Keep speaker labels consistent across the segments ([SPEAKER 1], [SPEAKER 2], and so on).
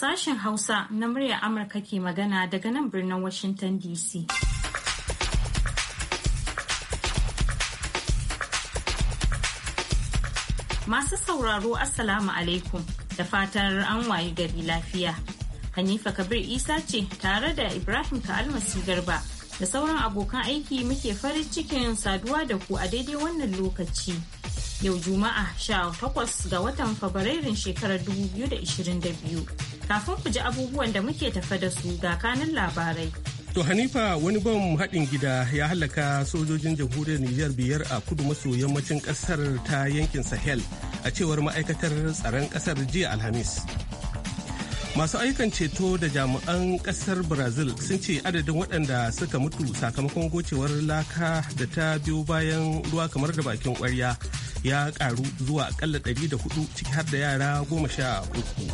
[SPEAKER 1] Sashen Hausa na murya Amurka ke magana daga nan birnin Washington DC. Masu sauraro Assalamu alaikum da fatar an wayi gari lafiya. Hanifa Kabir Isa ce tare da Ibrahim Ka'almasi Garba da sauran abokan aiki muke farin cikin saduwa da ku a daidai wannan lokaci. yau Juma'a 18 ga watan Fabrairun shekarar 2022. Kafin ku ji abubuwan da muke tafa da su ga kanin labarai.
[SPEAKER 2] To Hanifa wani bom haɗin gida ya halaka sojojin jamhuriyar Nijar biyar a kudu maso yammacin ƙasar ta yankin Sahel a cewar ma'aikatar tsaron ƙasar jiya Alhamis. Masu ayyukan ceto da jami'an ƙasar Brazil sun ce adadin waɗanda suka mutu sakamakon gocewar laka da ta biyo bayan ruwa kamar da bakin ƙwarya ya karu zuwa akalla 104 ciki har da yara goma sha uku.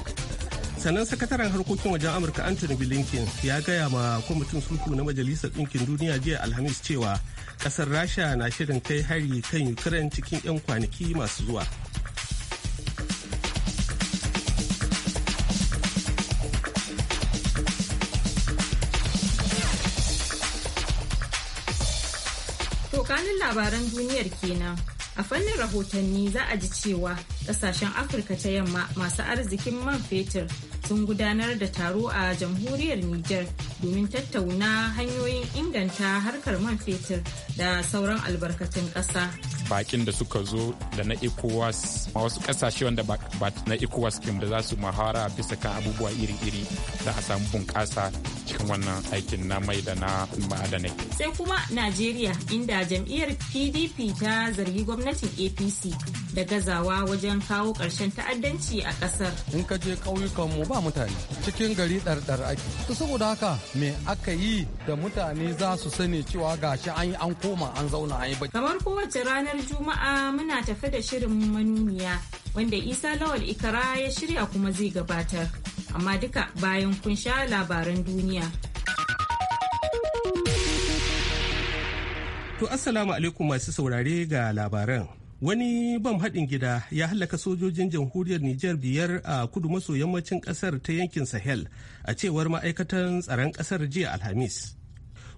[SPEAKER 2] sannan sakataren harkokin wajen amurka anthony blinken ya gaya ma kwamitin sulhu na majalisar ɗinkin duniya jiya alhamis cewa ƙasar rasha na shirin kai hari kan ukraine cikin 'yan kwanaki masu zuwa
[SPEAKER 1] kanin labaran duniyar kenan A fannin rahotanni za a ji cewa kasashen Afirka ta yamma masu arzikin man fetur sun gudanar da taro a jamhuriyar Nijar domin tattauna hanyoyin inganta harkar man fetur da sauran albarkatun ƙasa.
[SPEAKER 3] Bakin da suka zo da na ECOWAS wasu kasashe wanda ba na ECOWAS kim da za su mahara bisa kan abubuwa iri-iri da a samu bunƙasa cikin wannan aikin na mai da na ma'adanai.
[SPEAKER 1] Sai kuma Najeriya inda jam'iyyar PDP ta zargi gwamnati gwamnatin apc da gazawa wajen kawo ƙarshen ta'addanci a ƙasar
[SPEAKER 4] in ka je ƙauyukanmu ba mutane cikin gari ɗarɗar ake to saboda haka me aka yi da mutane za su sani cewa gashi an yi an koma an zauna an yi ba
[SPEAKER 1] kamar kowace ranar juma'a muna tafe da shirin manuniya wanda isa lawal ikara ya shirya kuma zai gabatar amma duka bayan kun sha labaran duniya
[SPEAKER 2] To Assalamu alaikum masu saurare ga labaran. Wani bam haɗin gida ya hallaka sojojin jamhuriyar Nijar biyar a kudu maso yammacin ƙasar ta yankin Sahel a cewar ma'aikatan tsaron ƙasar jiya Alhamis.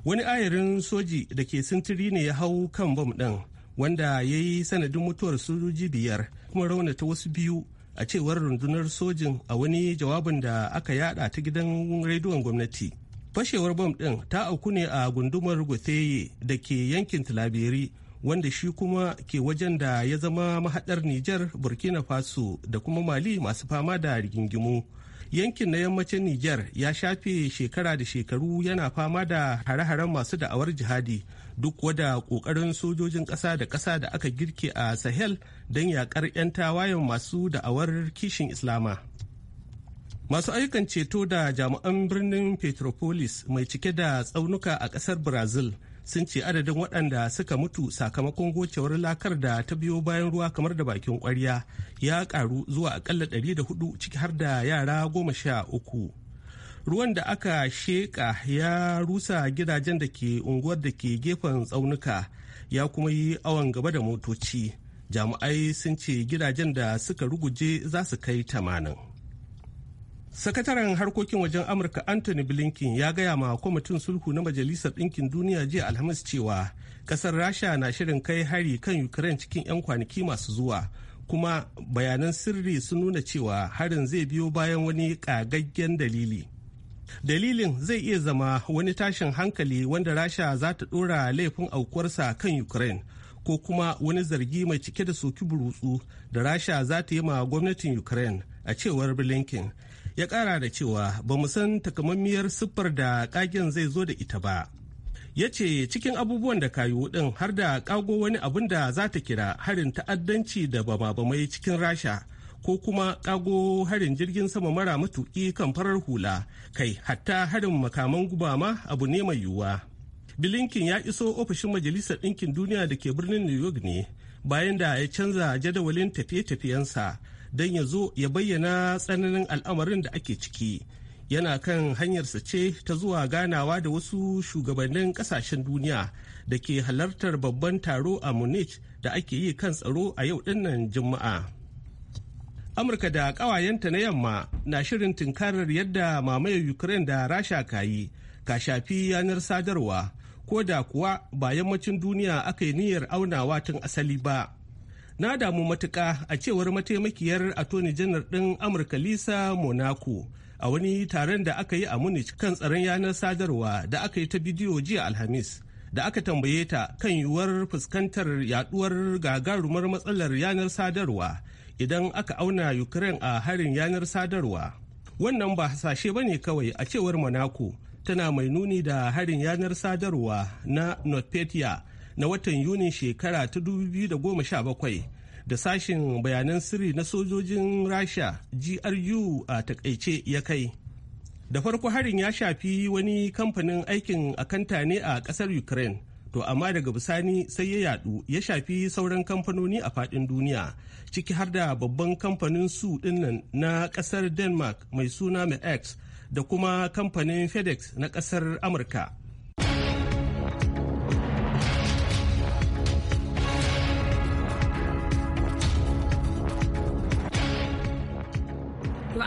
[SPEAKER 2] Wani ayarin soji da ke sintiri ne ya hau kan bam ɗin wanda ya yi sanadin mutuwar sojoji biyar kuma raunata wasu biyu a cewar rundunar sojin a wani jawabin da aka yada ta gidan rediyon gwamnati. fashewar bom ɗin ta auku ne a gundumar gotheye da ke yankin tilaberi wanda shi kuma ke wajen da ya zama mahaɗar Nijar, Burkina Faso da kuma Mali masu fama da rigingimu. Yankin na yammacin Nijar ya shafe shekara da shekaru yana fama da hare-haren masu da'awar jihadi duk wada ƙoƙarin sojojin ƙasa da ƙasa da aka girke a Sahel don yaƙar 'yan tawayen masu da'awar kishin Islama. Masu ayyukan ceto da jami'an birnin Petropolis mai cike da tsaunuka a kasar Brazil sun ce adadin waɗanda suka mutu sakamakon gocewar lakar da ta biyo bayan ruwa kamar da bakin ƙwarya ya karu zuwa akalla 104 ciki har da yara goma sha uku. Ruwan da aka sheƙa ya rusa gidajen da ke unguwar da ke gefen tsaunuka ya kuma yi awon gaba da motoci. Jami'ai sun ce gidajen da suka ruguje za su kai tamanin. sakataren harkokin wajen amurka anthony blinken ya gaya ma kwamitin sulhu na majalisar ɗinkin duniya jiya alhamis cewa kasar rasha na shirin kai hari kan ukraine cikin 'yan kwanaki masu zuwa kuma bayanan sirri sun nuna cewa harin zai biyo bayan wani ƙagaggen dalili dalilin zai iya zama wani tashin hankali wanda rasha za ta ɗora laifin aukuwarsa kan ukraine ko kuma wani zargi mai cike da soki burutsu da rasha za ta yi ma gwamnatin ukraine a cewar blinken ya kara da cewa ba mu san takamammiyar siffar da kagen zai zo da ita ba ya ce cikin abubuwan da kayu din har da kago wani abin da za ta kira harin ta'addanci da bama-bamai cikin rasha ko kuma kago harin jirgin sama mara matuki kan farar hula kai hatta harin makaman guba ma abu ne mai yiwuwa bilinkin ya iso ofishin majalisar ɗinkin duniya da ke birnin new york ne bayan da ya canza jadawalin tafiye-tafiyensa don ya zo ya bayyana tsananin al'amarin da ake ciki yana kan hanyarsa ce ta zuwa ganawa da wasu shugabannin kasashen duniya da ke halartar babban taro a munich da ake yi kan tsaro a yau dinnan juma'a amurka da kawayenta na yamma na shirin tunkarar yadda mamayar ukraine da rasha kayi ka shafi yanar sadarwa ko da kuwa ba yammacin duniya aka yi niyyar aunawa tun asali ba na damu matuƙa a cewar mataimakiyar attorney janar ɗin amurka lisa monaco a wani taron da aka yi a munich kan tsaron yanar sadarwa da aka yi ta bidiyo jiya alhamis da aka tambaye ta kan yiwuwar fuskantar yaduwar gagarumar matsalar yanar sadarwa idan aka auna ukraine a harin yanar sadarwa wannan ba hasashe ba ne kawai a cewar monaco tana mai nuni da harin yanar sadarwa na notpetya na watan Yunin shekara ta 2017 da sashen bayanan sirri na sojojin Rasha GRU a takaice ya kai. Da farko harin ya shafi wani kamfanin aikin akanta ne a kasar Ukraine. to amma daga bisani sai ya yadu ya shafi sauran kamfanoni a fadin duniya ciki har da babban kamfanin su dinnan na kasar denmark mai suna x da kuma kamfanin fedex na kasar amurka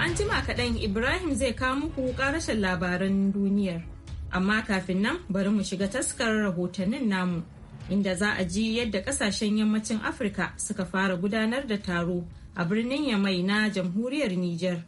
[SPEAKER 1] an jima kaɗan Ibrahim zai kawo muku ƙarashin labaran duniyar. Amma kafin nan bari mu shiga taskar rahotannin namu inda za a ji yadda ƙasashen yammacin Afirka suka fara gudanar da taro a birnin Yamai na jamhuriyar Nijar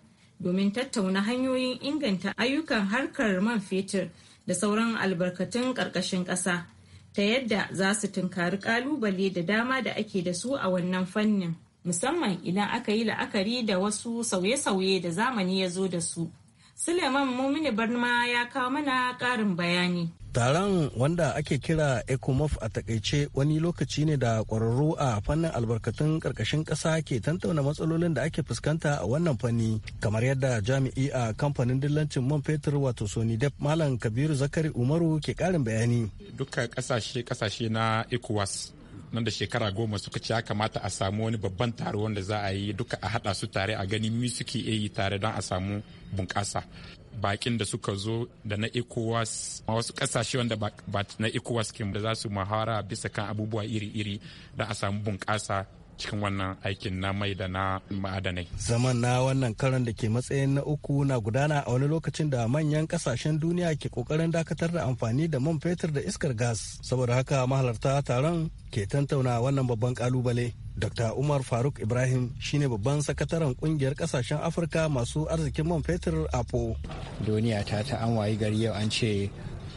[SPEAKER 1] domin tattauna hanyoyin inganta ayyukan harkar man fetur da sauran albarkatun ƙarƙashin ƙasa ta yadda za su tunkari ƙalubale da dama da ake da su a wannan fannin. musamman idan aka yi la'akari da wasu sauye-sauye da zamani ya zo da su. Suleiman Mumini Barma ya kawo mana ƙarin bayani.
[SPEAKER 4] Taron wanda ake kira ECOMOF a takaice wani lokaci ne da ƙwararru a fannin albarkatun ƙarƙashin ƙasa ke tantauna matsalolin da ake fuskanta a wannan fanni kamar yadda jami'i a kamfanin dillancin man fetur wato Sony Dep Malam Kabiru Zakari Umaru ke ƙarin bayani.
[SPEAKER 3] Dukkan ƙasashe ƙasashe na ECOWAS nan da shekara goma suka ce ya kamata a samu wani babban taro wanda za a yi duka a haɗa su tare a gani mi suke yi tare don a samu bunƙasa bakin da suka zo da na ecowas wasu kasashe wanda ba na ecowas kim da za su mahara bisa kan abubuwa iri-iri da a samu bunƙasa cikin wannan aikin na mai da na ma'adanai.
[SPEAKER 4] Zaman na wannan karan da ke matsayin na uku na gudana a wani lokacin da manyan kasashen duniya ke kokarin dakatar da amfani da man fetur da iskar gas. Saboda haka mahalarta taron ke tantauna wannan babban kalubale. Dr. Umar Faruk Ibrahim shine babban sakataren kungiyar kasashen Afirka masu arzikin man fetur
[SPEAKER 5] APO. Duniya ta ta an wayi gari yau an ce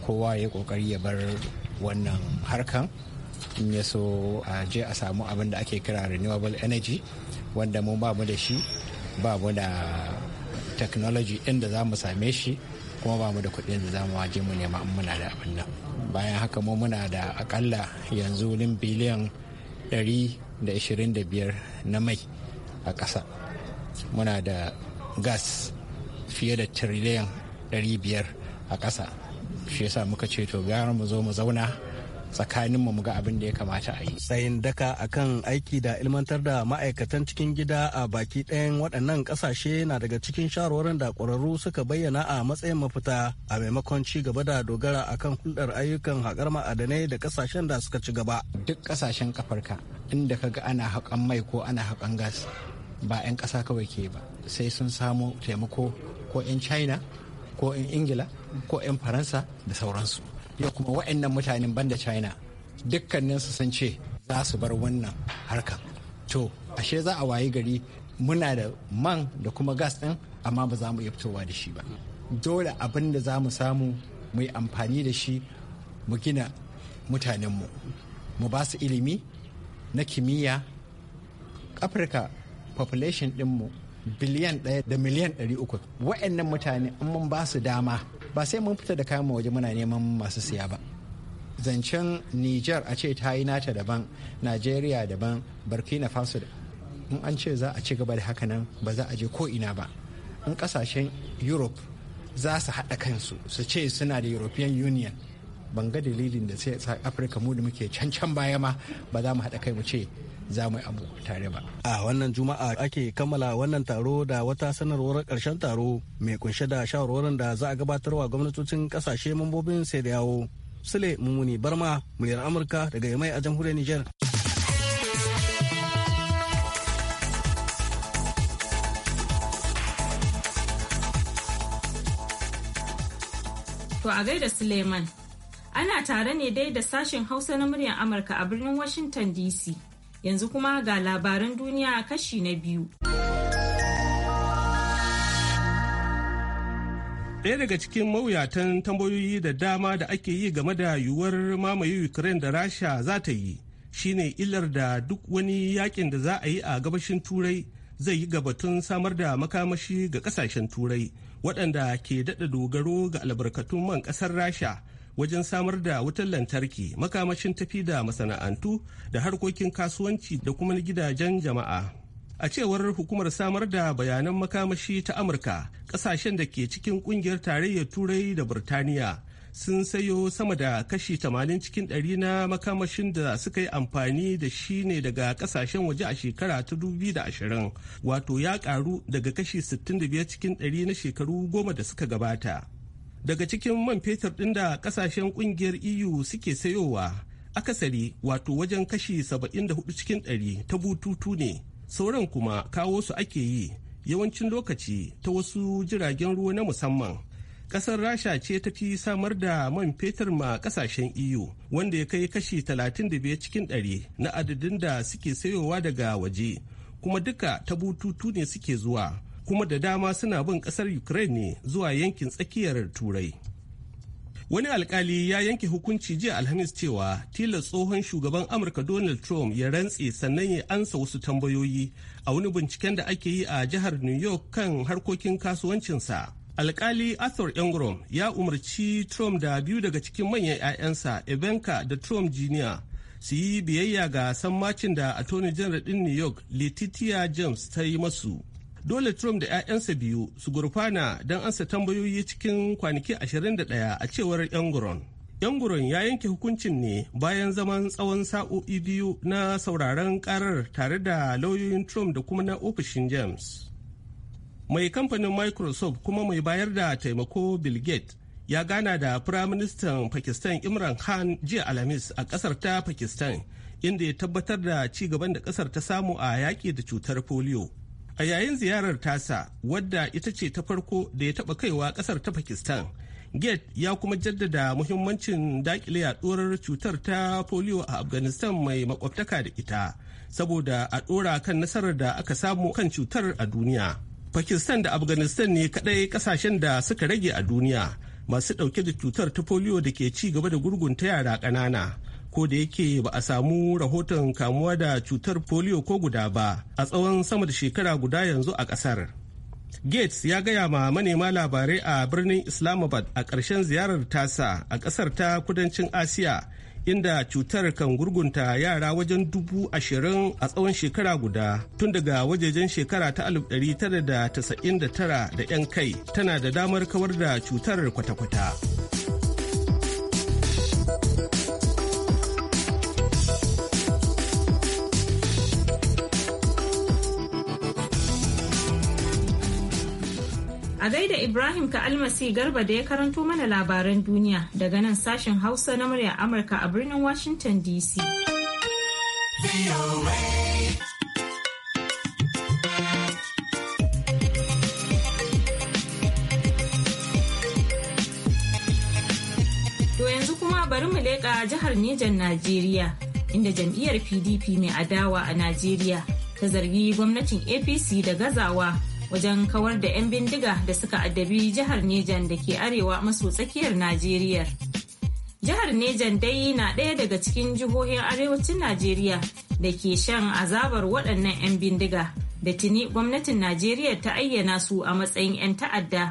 [SPEAKER 5] kowa ya kokari ya bar wannan harkan in ya so a je a samu abin da ake kira renewable energy wanda mu ba mu da shi ba mu da technology inda da za mu same shi kuma ba mu da kuɗin da za mu waje mu nema in muna da abin nan bayan haka mu muna da akalla yanzu nin biliyan 125 na mai a ƙasa muna da gas fiye da tiriliyan 500 a ƙasa shi yasa muka ce to gara mu zo mu zauna tsakanin mu ga abin da ya kamata a yi. Tsayin daka akan aiki da ilmantar da
[SPEAKER 4] ma'aikatan cikin gida a baki ɗayan waɗannan ƙasashe na daga cikin shawarwarin da ƙwararru suka bayyana a matsayin mafita a maimakon ci gaba da dogara akan hulɗar ayyukan haƙar
[SPEAKER 5] ma'adanai da ƙasashen da suka ci gaba. Duk ƙasashen kafarka inda ka ga ana haƙan mai ko ana haƙan gas ba 'yan ƙasa kawai ke ba sai sun samu taimako ko 'yan china ko 'yan ingila ko 'yan faransa da sauransu yau kuma wa'annan mutanen banda china dukkaninsu sun ce za su bar wannan harka to ashe za a wayi gari muna da man da kuma gas ɗin amma ba za mu iya fitowa da shi ba dole abin da za mu samu mu amfani da shi mu gina mutanenmu mu ba su ilimi na kimiyya afirka population ɗinmu biliyan ɗaya da miliyan ɗari uku wa'annan mutane mun ba su dama ba sai mun fita da kayan waje muna neman masu siya ba zancen niger a ce ta yi nata daban nigeria daban burkina faso in an ce za a ci gaba da haka nan ba za a je ko ina ba in kasashen europe za su haɗa kansu su ce suna da european union ban ga dalilin da sai sa afirka mu da muke can can baya ma ba za mu haɗa kai mu ce za mu yi abu tare ba a
[SPEAKER 4] wannan juma'a ake kammala wannan taro da wata sanarwar ƙarshen taro mai kunshe da shawarwarin da za a gabatarwa gwamnatocin ƙasashe mambobin sai da yawo sule mummuni barma muryar amurka daga yamai a jamhuriyar niger
[SPEAKER 1] To a gaida Suleiman Ana tare ne dai da sashen Hausa na muryar Amurka a birnin Washington DC. Yanzu kuma ga labaran duniya kashi na biyu.
[SPEAKER 2] Ɗaya daga cikin mawuyatan tambayoyi da dama da ake yi game da yiwuwar mamaye Ukraine da Rasha za ta yi shine illar da duk wani yakin da za a yi a gabashin Turai zai yi gabatun samar da makamashi ga kasashen Turai waɗanda ke daɗa dogaro ga albarkatun man ƙasar Rasha. wajen samar da wutar lantarki makamashin tafi da masana'antu da harkokin kasuwanci da kuma gidajen jama'a a cewar hukumar samar da bayanan makamashi ta amurka kasashen da ke cikin kungiyar tarayyar turai da burtaniya sun sayo sama da kashi 80 cikin 100 na makamashin da suka yi amfani da shi ne daga kasashen waje a shekara ta 2020 wato ya karu daga kashi 65 cikin 100 na shekaru goma da suka gabata daga cikin man fetur ɗin da ƙasashen ƙungiyar EU suke sayowa akasari wato wajen kashi 74 cikin 100 ta bututu ne sauran kuma kawo su ake yi yawancin lokaci ta wasu jiragen ruwa na musamman Ƙasar rasha ce ta fi samar da man fetur ma ƙasashen eu wanda ya kai kashi 35 cikin 100 na adadin da suke sayowa daga waje kuma duka ta bututu ne suke zuwa kuma da dama suna bin kasar ukraine ne zuwa yankin tsakiyar turai wani alkali ya yanke hukunci jiya alhamis cewa tilas tsohon shugaban amurka donald trump ya rantse sannan ya ansa wasu tambayoyi a wani binciken da ake yi a jihar new york kan harkokin kasuwancinsa alkali arthur ingram ya umarci trump da biyu daga cikin manyan 'ya'yansa ivanka da trump jr su yi biyayya ga sammacin da attorney general din new york letitia james ta yi masu dole Trump da 'ya'yansa biyu su gurfana don ansa tambayoyi cikin kwanaki 21 a cewar Yanguron. Yanguron ya yanke hukuncin ne bayan zaman tsawon sa'o'i biyu na sauraron karar tare da lauyoyin Trump da kuma na ofishin James. Mai kamfanin Microsoft kuma mai bayar da taimako Bill Gates ya gana da Firaministan Pakistan Imran Khan jiya Alhamis a kasar ta Pakistan inda ya tabbatar da ci gaban da kasar ta samu a yaƙi da cutar polio. a yayin ziyarar tasa wadda ita ce ta farko da ya taba kaiwa ƙasar ta pakistan gate ya kuma jaddada muhimmancin dakile yaduwar cutar ta polio a afghanistan mai makwabtaka da ita saboda a ɗora kan nasarar da aka samu kan cutar a duniya pakistan da afghanistan ne kaɗai ƙasashen da suka rage a duniya masu ɗauke da cutar ta polio da ke ci gaba da gurgunta yara ƙanana ko da yake ba a samu rahoton kamuwa da cutar polio ko guda ba a tsawon sama da shekara guda yanzu a kasar gates ya gaya ma manema labarai a birnin islamabad a ƙarshen ziyarar tasa a ƙasar ta kudancin asiya inda cutar kan gurgunta yara wajen dubu ashirin a tsawon shekara guda tun daga wajejen shekara ta da da tara da 'yan kai tana da damar kawar da cutar kwata-kwata.
[SPEAKER 1] A gaida Ibrahim ka almasi garba da ya karanto mana labaran duniya daga nan sashen Hausa na murya Amurka a birnin Washington DC. To yanzu kuma bari mu leƙa jihar Nijar Najeriya inda jam'iyyar PDP mai adawa a Najeriya ta zargi gwamnatin APC da gazawa wajen kawar da 'yan bindiga da suka addabi jihar Nijan da ke arewa maso tsakiyar Najeriya. Jihar Nijan dai na ɗaya daga cikin jihohin arewacin Najeriya da ke shan azabar waɗannan 'yan bindiga da tuni gwamnatin Najeriya ta ayyana su a matsayin 'yan ta'adda.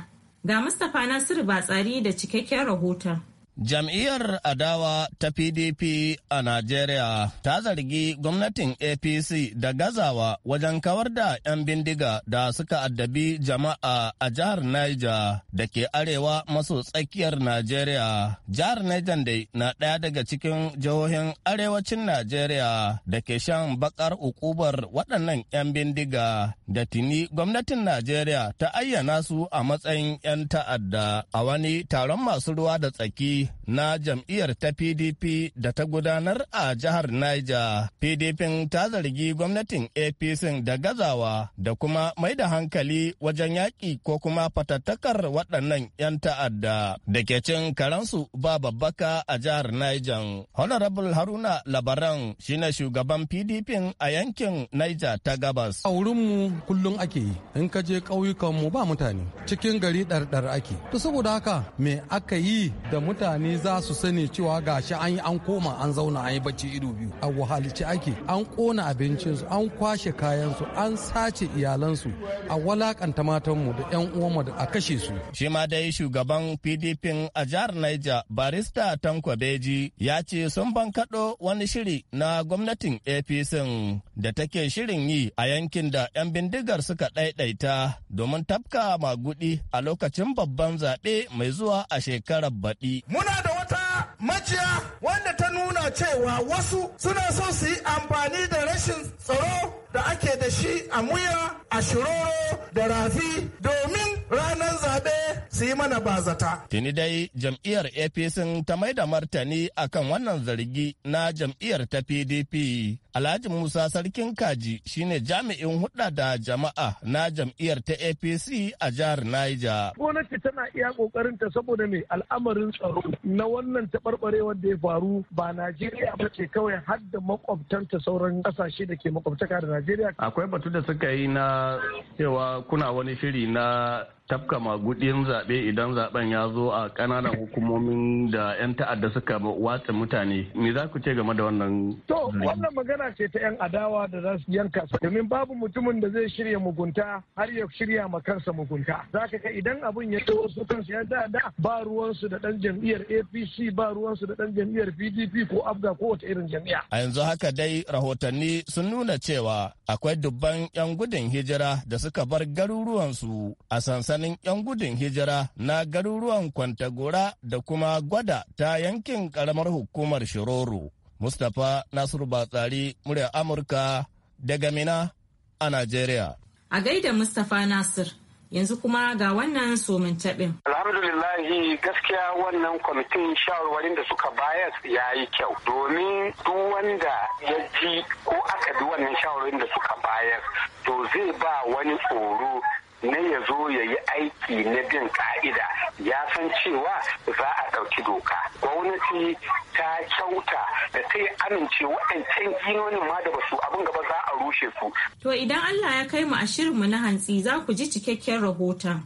[SPEAKER 1] Ga Mustapha Nasiru Batsari da cikakken rahoton.
[SPEAKER 6] Jam'iyyar adawa ta PDP a Najeriya ta zargi gwamnatin APC da gazawa wajen kawar da 'yan bindiga da suka addabi jama'a a jihar Niger da ke arewa maso tsakiyar Najeriya. Jihar Niger dai na ɗaya daga cikin jihohin arewacin Najeriya da ke shan bakar ukubar waɗannan 'yan bindiga da tuni gwamnatin Najeriya ta ayyana su a matsayin 'yan ta'adda a wani taron masu ruwa da tsaki na jam'iyyar ta PDP da ta gudanar a jihar Niger. PDP ta zargi gwamnatin APC da gazawa da kuma mai da hankali wajen yaƙi ko kuma fatattakar waɗannan 'yan ta'adda da ke cin karansu ba babbaka a jihar Niger. Honorable Haruna Labaran shine shugaban PDP a yankin Niger ta
[SPEAKER 4] gabas. A wurinmu kullum ake yi, in ka je ƙauyukanmu ba mutane, cikin gari ɗarɗar ake. To saboda haka me aka yi da mutane mutane za su sani cewa gashi an yi an koma an zauna an yi bacci ido biyu a wahalci ake an kona abincinsu an kwashe kayansu an sace iyalansu a walakanta matanmu da 'yan uwanmu da a kashe su shi
[SPEAKER 6] ma dai shugaban pdp a jihar niger barista tanko beji ya ce sun bankaɗo wani shiri na gwamnatin apc da take shirin yi a yankin da 'yan bindigar suka ɗaiɗaita domin tafka magudi a lokacin babban zaɓe mai zuwa a shekarar baɗi. Muna da wata
[SPEAKER 3] maciya wanda ta nuna cewa wasu suna so su yi amfani da rashin tsaro da ake da shi a muya a shiroro da rafi domin ranar zaɓe su yi mana bazata.
[SPEAKER 6] tini dai jam'iyyar APC ta mai da martani akan wannan zargi na jam'iyyar ta PDP Alhaji Musa Sarkin Kaji shine jami'in hudda da jama'a na jam'iyyar ta APC a jihar Niger.
[SPEAKER 3] Gwamnati tana iya kokarin ta saboda mai al'amarin tsaro na wannan taɓarɓarewar da ya faru ba Najeriya ba ce kawai har da makwabtanta sauran ƙasashe da ke makwabtaka da Najeriya. Akwai
[SPEAKER 6] batu da suka yi na cewa kuna wani shiri na tafka magudin zaɓe idan zaɓen ya zo a ƙananan hukumomin da 'yan ta'adda suka watsa mutane me za ku ce game da wannan to wannan
[SPEAKER 3] magana ce ta 'yan adawa da za su yanka su domin babu mutumin da zai shirya mugunta har ya shirya ma kansa mugunta za ka kai idan abun ya zo su kansu ya da ba ruwansu da dan jam'iyyar apc ba ruwansu da ɗan jam'iyyar pdp ko abga ko wata irin jam'iyya
[SPEAKER 6] a yanzu haka dai rahotanni sun nuna cewa akwai dubban 'yan gudun hijira da suka bar garuruwansu a sansan sansanin 'yan gudun hijira na garuruwan Kwantagora da kuma Gwada ta yankin karamar hukumar Shiroro. Mustapha Nasiru Batsari, murya Amurka daga Mina
[SPEAKER 1] a Najeriya. A gaida Mustapha Nasir. yanzu kuma ga wannan somin taɓin. Alhamdulillahi
[SPEAKER 4] gaskiya wannan kwamitin shawarwarin da suka bayar ya yi kyau domin duk wanda ya ji ko aka bi wannan shawarwarin da suka bayar to zai ba wani tsoro na ya zo ya yi aiki na bin ka'ida ya san cewa za a ɗauki doka gwamnati ta kyauta da ta yi amince waɗancan ginonin ma da basu abin gaba za a rushe su.
[SPEAKER 1] To idan Allah ya kai mu a shirinmu na hantsi za ku ji cikakken rahoton.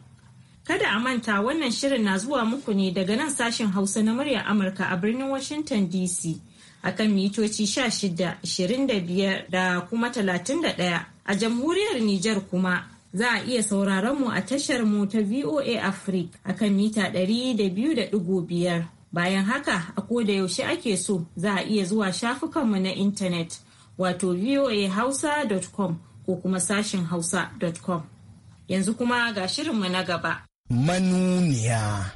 [SPEAKER 1] Kada a manta wannan shirin na zuwa muku ne daga nan sashen Hausa na muryar Amurka a birnin Washington DC. akan mitoci sha 16, 25 da kuma talatin da ɗaya, a jamhuriyar Nijar kuma Za a iya sauraron mu a tashar mu ta VOA Africa a kan mita 200.5. Bayan haka, a koda yaushe ake so za a iya zuwa shafukanmu na intanet wato voahausa.com ko kuma sashin hausa.com. Yanzu kuma ga shirinmu na gaba.
[SPEAKER 5] Manuniya.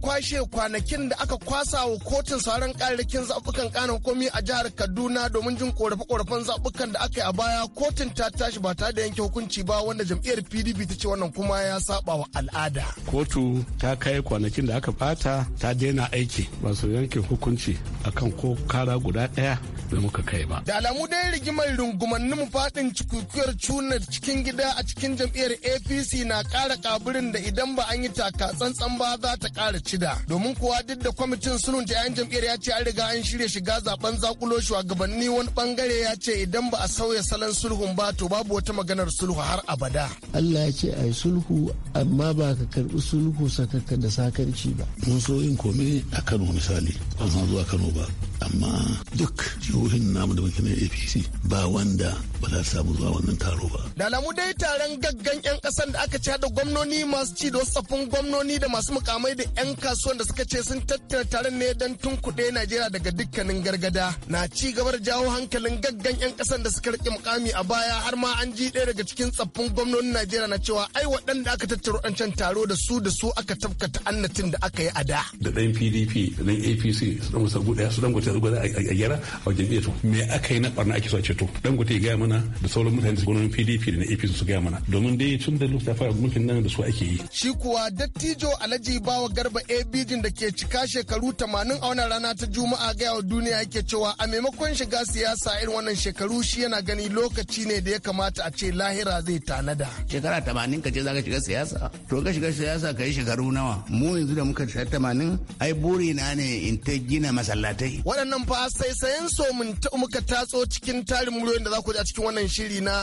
[SPEAKER 3] kwashe kwanakin da aka kwasa wa kotun sauran kararrakin zaɓukan kanan komi a jihar Kaduna domin jin korafe-korafen zaɓukan da aka yi a baya kotun ta tashi ba tare da yanke hukunci ba wanda jam'iyyar PDP ta ce wannan kuma ya saba wa al'ada.
[SPEAKER 2] Kotu ta kai kwanakin da aka bata ta daina aiki ba su yanke hukunci akan ko kara guda ɗaya da muka kai ba.
[SPEAKER 3] Da alamu dai rigimar rungumannin faɗin cikukiyar cuna cikin gida a cikin jam'iyyar APC na kara kaburin da idan ba an yi taka tsantsan ba za ta ƙara da domin kuwa duk da kwamitin sununta yan jam'iyyar ya ce an riga an shirya shiga zaben zakulo shugabanni wani bangare ya ce idan ba a sauya salon sulhun ba to babu wata maganar sulhu har abada. Allah ya ce ai sulhu amma ba ka karbi sulhu sakaka da sakarci ba.
[SPEAKER 7] Mun so yin kome a Kano misali ba zan zuwa Kano ba amma duk jihohin namu da muke na APC ba wanda ba za su samu zuwa wannan taro ba.
[SPEAKER 3] Da alamu dai taron gaggan 'yan kasan da aka ci da gwamnoni masu ci da wasu gwamnoni da masu mukamai da 'yan kasuwan da suka ce sun tattara taron ne don tunkuɗe Najeriya daga dukkanin gargada na ci gabar jawo hankalin gaggan 'yan ƙasan da suka riƙe mukami a baya har ma an ji ɗaya daga cikin tsaffin gwamnonin Najeriya na cewa ai waɗanda aka tattaro ɗancan taro da su da su aka tabkata annatin da aka yi a da.
[SPEAKER 7] Da ɗan PDP da ɗan APC su ɗan gusa guda su ɗan gusa guda a gyara a wajen iya to me aka yi na ɓarna ake so a ceto ɗan gusa ya gaya mana da sauran mutane da gwamnonin PDP da na APC su gaya mana domin dai tun da lokacin fara mulkin nan da su ake yi.
[SPEAKER 3] Shi kuwa dattijo Alhaji Bawa Garba ABG da ke cika shekaru 80 a wannan rana ta juma'a ga wa duniya yake cewa a maimakon shiga siyasa irin wannan shekaru shi yana gani lokaci ne da ya kamata a ce lahira zai tanada
[SPEAKER 8] shekara 80 ka ce za ka shiga siyasa to ka shiga siyasa ka yi shekaru nawa mu yanzu da muka shiga 80 ai buri na ne in ta gina masallatai
[SPEAKER 3] waɗannan fa sai sayan so mun muka tatso cikin tarin muryoyin da za ku ji a cikin wannan shiri na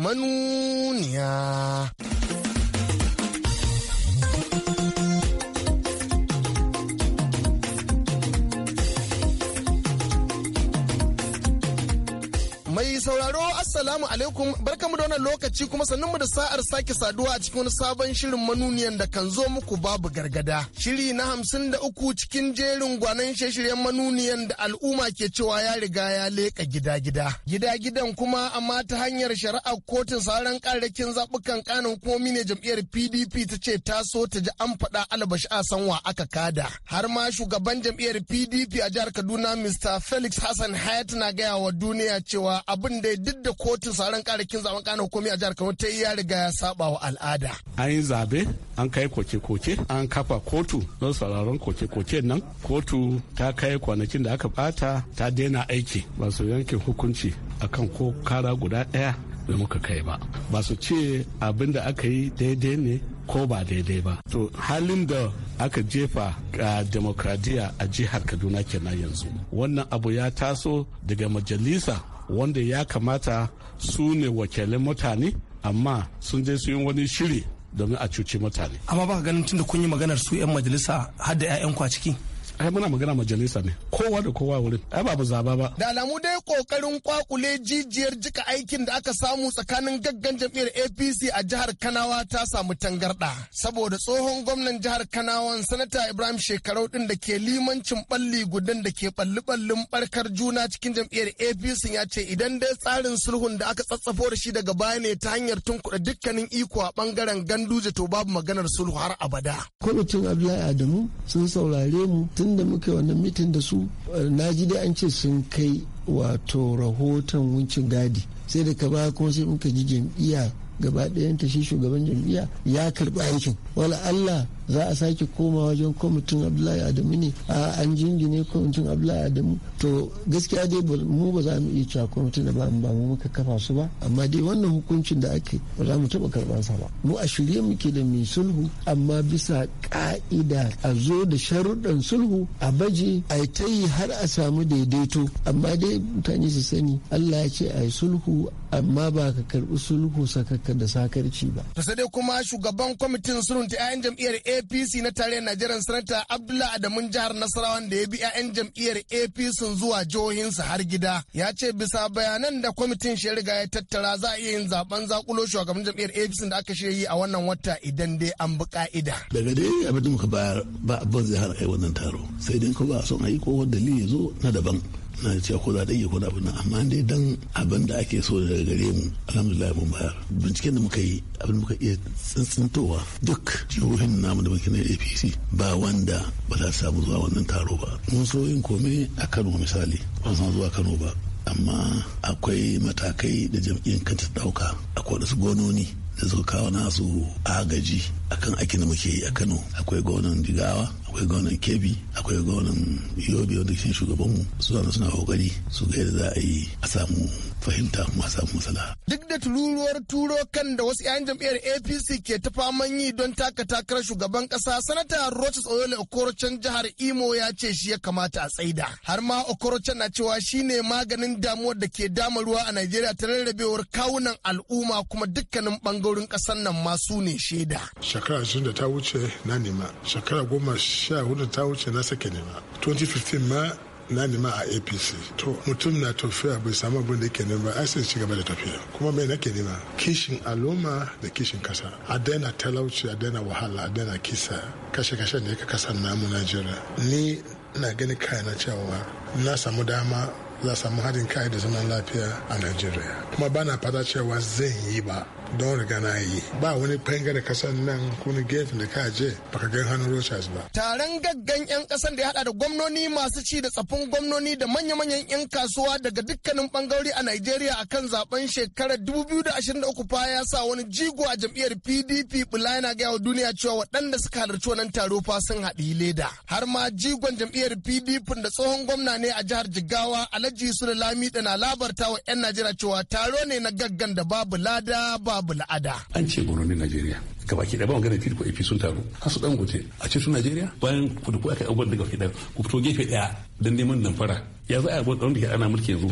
[SPEAKER 3] manuniya la Assalamu alaikum barkamu da wannan lokaci kuma sannunmu da sa'ar sake saduwa a cikin wani sabon shirin manuniyan da kan zo muku babu gargada. Shiri na hamsin da uku cikin jerin gwanan shirye manuniyan da al'umma ke cewa ya riga ya leka gida-gida. Gida-gidan kuma amma ta hanyar shari'a kotun sauran karakin zaɓukan ƙanin komi ne jam'iyyar PDP ta ce ta so ta ji an faɗa albashi a sanwa aka kada. Har ma shugaban jam'iyyar PDP a jihar Kaduna Mr. Felix Hassan Hayat na gaya wa duniya cewa abin da duk da ko kotun sauran karakin zaben kanin hukumi a jihar Kano ta yi ya riga ya saba wa al'ada.
[SPEAKER 2] An yi zabe, an kai koke-koke, an kafa kotu don sauraron koke-koke nan. Kotu ta kai kwanakin da aka bata ta daina aiki ba su yanke hukunci akan ko kara guda ɗaya da muka kai ba. Ba su ce abin da aka yi daidai ne ko ba daidai ba. To halin da aka jefa a demokradiyya a jihar Kaduna kenan yanzu. Wannan abu ya taso daga majalisa wanda ya kamata su ne wakilin mutane amma sun je sun yi wani shiri domin a cuci mutane.
[SPEAKER 4] Amma ba ganin tunda kun yi maganar su 'yan majalisa har da 'ya'yanku a ciki? ai muna magana majalisa ne kowa da kowa wurin ai ba zaba
[SPEAKER 5] ba
[SPEAKER 3] da alamu dai kokarin kwakule jijiyar jika aikin da aka samu tsakanin gaggan jam'iyyar APC a jihar Kanawa ta samu tangarda saboda tsohon gwamnan jihar Kanawa sanata Ibrahim Shekarau din da ke limancin balli gudan da ke balli ballin barkar juna cikin jam'iyyar APC ya ce idan dai tsarin sulhun da aka tsatsafo da shi daga baya ne ta hanyar tunkuɗa dukkanin iko a bangaren ganduje to babu maganar sulhu har abada kwamitin Abdullahi Adamu sun saurare mu tun da muka wannan mitin da su eh, na ji dai an ce sun kai wato rahoton wuncin gadi sai da ka ba kuma sai muka ji jam'iyya gaba ɗayan ta shugaban jam'iyya
[SPEAKER 4] ya karɓi aikin
[SPEAKER 3] wala Allah za a sake koma wajen kwamitin abdullahi adamu ne a an jingine kwamitin abdullahi adamu to gaskiya dai mu ba za mu iya cewa kwamitin da ba mu muka kafa su ba amma dai wannan hukuncin da ake ba za mu taɓa karɓar sa ba mu a shirye muke da mai sulhu amma bisa ka'ida a zo da sharuɗan sulhu a baje a ta yi har a samu daidaito amma
[SPEAKER 4] dai mutane su sani Allah ya ce a yi sulhu amma ba ka karɓi sulhu sakakka da sakarci ba.
[SPEAKER 3] ta sai dai kuma shugaban kwamitin sulhun ta 'ya'yan jam'iyyar apc na tarayyar najeriya sanata abdullah adamun jihar nasarawa da ya bi 'ya'yan jam'iyyar apc zuwa jihohinsa har gida ya ce bisa bayanan da kwamitin shi riga ya tattara za a iya yin zaben zakulo shugaban jam'iyyar apc da aka shirya yi a wannan wata idan dai an bi ka'ida
[SPEAKER 7] daga dai abin da muka bayar ba abin zai hana kai wannan taro sai dai ko ba son a yi ko wanda ya zo na daban na da cewa ko za a ɗage ko na abin nan amma dai dan abin da ake so daga gare mu alhamdulillah mun bayar binciken da muka yi abin da muka iya tsintsintowa duk jihohin namu da bankin apc ba wanda ba za samu zuwa wannan taro ba mun so yin kome a kano misali ba su zuwa kano ba amma akwai matakai da jam'iyyar kanta ɗauka akwai wasu gononi da suka kawo nasu agaji akan aikin da muke yi a kano akwai gonan jigawa akwai gwamnan kebi akwai gwamnan yobe wanda shi shugabanmu suna suna kokari su ga yadda za a yi a samu fahimta kuma a samu masala.
[SPEAKER 3] duk da tururuwar turo kan da wasu 'yan jam'iyyar apc ke ta faman yi don taka takarar shugaban kasa sanata rochus oyole okorochan jihar imo ya ce shi ya kamata a tsaida har ma okorochan na cewa ne maganin damuwar da ke dama ruwa a najeriya ta rarrabewar kawunan al'umma kuma dukkanin bangarorin ƙasar nan ma su ne shaida shekara 20 da ta wuce na nema shekara goma 2014 ta wuce na sake nema 2015 ma na nema a apc to mutum na tafiya bai samu abin da yake nema ai sai gaba da tafiya kuma mai nake nema kishin aloma da kishin kasa a daina talauci a daina wahala a daina kisa kashe kashe da yake kasan namu najeriya ni na gani kayana cewa na samu dama za samu haɗin kai da zaman lafiya a najeriya kuma bana fata cewa zan yi ba don riga na yi ba wani da kasan nan kuni gefe da ka je baka gan hannun rochers ba. Taron gaggan 'yan kasan da ya hada da gwamnoni masu ci da tsafin gwamnoni da manya-manyan 'yan kasuwa daga dukkanin bangarori a Najeriya akan zaben shekarar 2023 fa ya sa wani jigo a jam'iyyar PDP bula yana gaya wa duniya cewa waɗanda suka halarci wannan taro fa sun haɗi leda. Har ma jigon jam'iyyar PDP da tsohon gwamna ne a jihar Jigawa Alhaji sulalami Lami na labarta wa 'yan Najeriya cewa taro ne na gaggan da babu lada ba babu la'ada.
[SPEAKER 7] An ce gwamnonin Najeriya gabaki ɗaya ba magana fili ko ifi sun taru har su dan gote a ce su Najeriya bayan ku da ku aka abubuwan daga fiɗa ku fito gefe ɗaya don neman nan fara ya za a yi abubuwan da ke ana mulki yanzu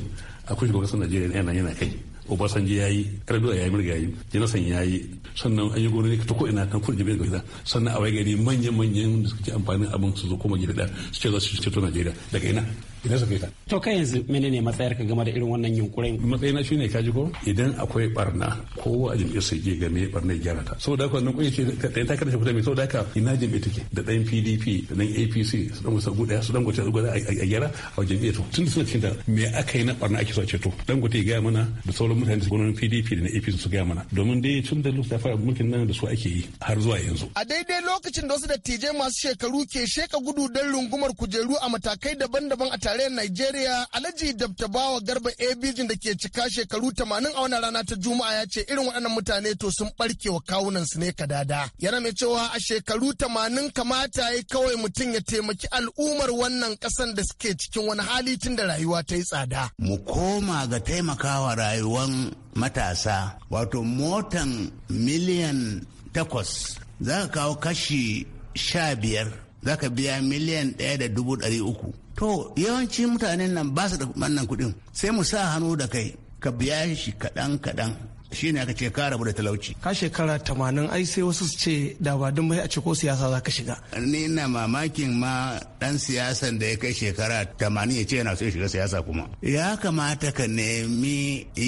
[SPEAKER 7] a akwai shugaban ƙasar Najeriya yana yana kai Obasanjo ya yi, Yar'adua ya yi murga ya yi, Jinasan ya yi, sannan an yi gwamnati ta ina kan kurji bai gida sannan a wai gari manyan-manyan da suke amfani abin su zo kuma gida su ce za su ce to Najeriya daga ina idan suka yi ta.
[SPEAKER 5] To kai yanzu mene
[SPEAKER 7] ne matsayar ka game da irin wannan yunkurin? Matsayina shine ka ji ko idan akwai barna ko a jami'ar su ke game barna ya gyara ta. Saboda haka wannan kungiya ce ta ɗaya takarar shi kuta mai saboda haka ina jami'a take da ɗan PDP da ɗan APC su ɗan gusa guda su dan gusa guda a gyara a jami'a to tun da suna cikin ta me aka yi na barna ake so a ceto ɗan guta ya gaya mana da sauran mutane su gwamnatin PDP da na APC su gaya mana domin dai tun da lokacin da fara mulkin nan da su ake yi har zuwa yanzu.
[SPEAKER 3] A daidai lokacin da wasu dattijai masu shekaru ke sheka gudu don rungumar kujeru a matakai daban-daban a tare Najeriya Alhaji bawa Garba Abijin da ke cika shekaru 80 a wannan rana ta Juma'a ya ce irin waɗannan mutane to sun barke wa kawunan su ne kadada. Yana mai cewa a shekaru 80 kamata ya kawai mutum ya taimaki al'ummar wannan ƙasan da suke cikin wani hali tun da rayuwa ta yi tsada.
[SPEAKER 8] Mu koma ga taimakawa rayuwan matasa wato motan miliyan takwas za ka kawo kashi sha biyar za ka biya miliyan ɗaya da dubu ɗari uku to yawanci mutanen nan ba su da wannan kuɗin sai mu sa hannu da kai ka biya shi kaɗan kaɗan shi ne aka ce ka rabu da talauci.
[SPEAKER 2] Ka shekara tamanin ai sai wasu su ce da ba dun bai a ce siyasa za ka shiga.
[SPEAKER 8] Ni ina mamakin ma dan siyasan da ya kai shekara tamanin ya ce yana so ya shiga siyasa kuma. Ya kamata ka nemi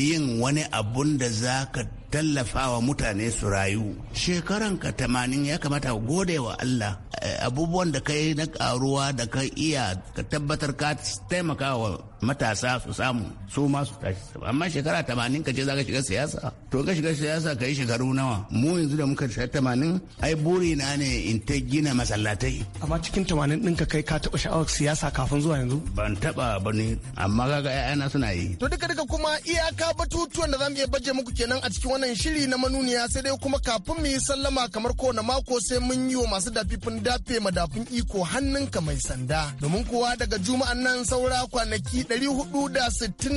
[SPEAKER 8] yin wani abun da za ka tallafawa mutane su rayu shekaran ka tamanin ya kamata gode wa Allah eh, abubuwan da kai na karuwa da ka iya ka tabbatar ka taimaka wa matasa su samu su ma su tashi amma shekara tamanin ka ce za ka shiga siyasa to ka shiga siyasa ka yi shekaru nawa mu yanzu da muka shiga tamanin ai buri na ne in ta gina masallatai amma cikin tamanin ɗinka kai ka taɓa sha'awar siyasa kafin zuwa yanzu ban taɓa ba ne amma kaga 'ya'yana suna yi
[SPEAKER 3] to duka duka kuma iyaka batutuwan da zamu iya baje muku kenan a cikin wannan shiri na manuniya sai dai kuma kafin mu yi sallama kamar kowane mako sai mun yi wa masu dafifin dafe madafin iko hannunka mai sanda. Domin kowa daga juma'an nan saura kwanaki hudu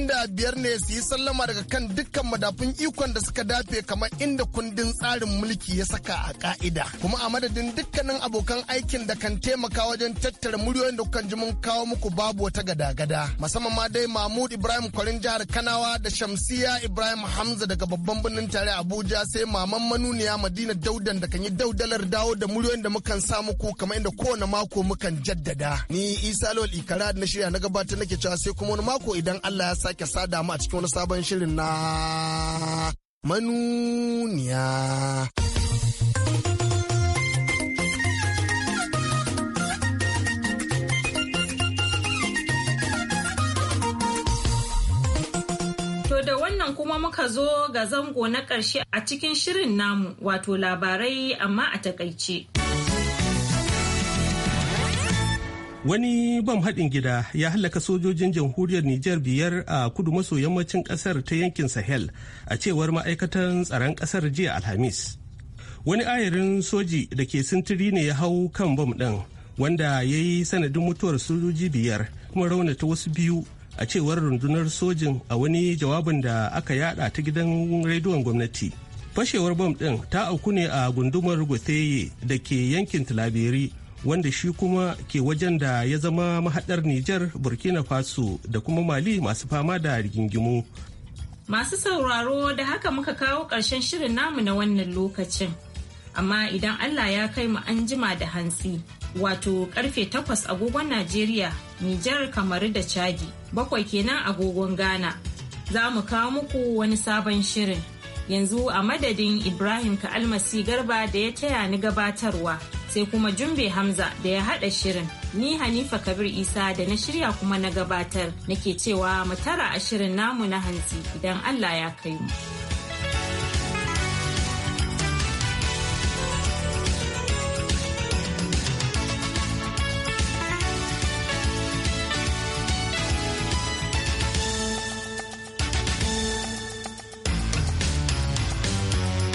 [SPEAKER 3] da biyar ne su yi sallama daga kan dukkan madafin ikon da suka dafe kamar inda kundin tsarin mulki ya saka a ka'ida. Kuma a madadin dukkanin abokan aikin da kan taimaka wajen tattara muryoyin da kukan ji mun kawo muku babu wata gada-gada. Musamman ma dai Mahmud Ibrahim Kwarin jihar Kanawa da Shamsiya Ibrahim Hamza daga babban birnin tare Abuja sai maman manuniya Madina Daudan da kan yi daudalar dawo da muryoyin da mukan sa muku kamar inda kowane mako mukan jaddada. Ni Isa Lawal Ikara na shirya na gabatar nake cewa sai kuma wani mako idan Allah ya sake sada mu a cikin wani sabon shirin na manuniya.
[SPEAKER 1] wannan kuma muka zo ga zango na ƙarshe a cikin shirin namu wato labarai amma a takaice.
[SPEAKER 2] Wani bam haɗin gida ya halaka sojojin jamhuriyar Nijar biyar a kudu maso yammacin ƙasar ta yankin Sahel a cewar ma'aikatan tsaron ƙasar jiya Alhamis. Wani ayarin soji da ke sintiri ne ya hau kan bam ɗin wanda ya yi sanadin mutuwar sojoji biyar kuma raunata wasu biyu a cewar rundunar sojin a wani jawabin da aka yada ta gidan rediyon gwamnati fashewar bom ɗin ta auku ne a gundumar gotheye da ke yankin tulaberi wanda shi kuma ke wajen da ya zama mahadar nijar burkina faso da kuma mali masu fama da rigingimu
[SPEAKER 1] masu sauraro da haka muka kawo ƙarshen shirin namu na wannan lokacin amma idan Allah ya kai mu an jima da hantsi wato karfe 8 agogon Najeriya, Nijar kamar da Chadi, bakwai kenan agogon Ghana. Za mu kawo muku wani sabon shirin. Yanzu a madadin Ibrahim Ka'almasi Garba da ya taya ni gabatarwa, sai kuma Jumbe Hamza da ya haɗa shirin. Ni Hanifa Kabir Isa da na shirya kuma na gabatar, nake cewa mu tara a shirin namu na hantsi idan Allah ya kai mu.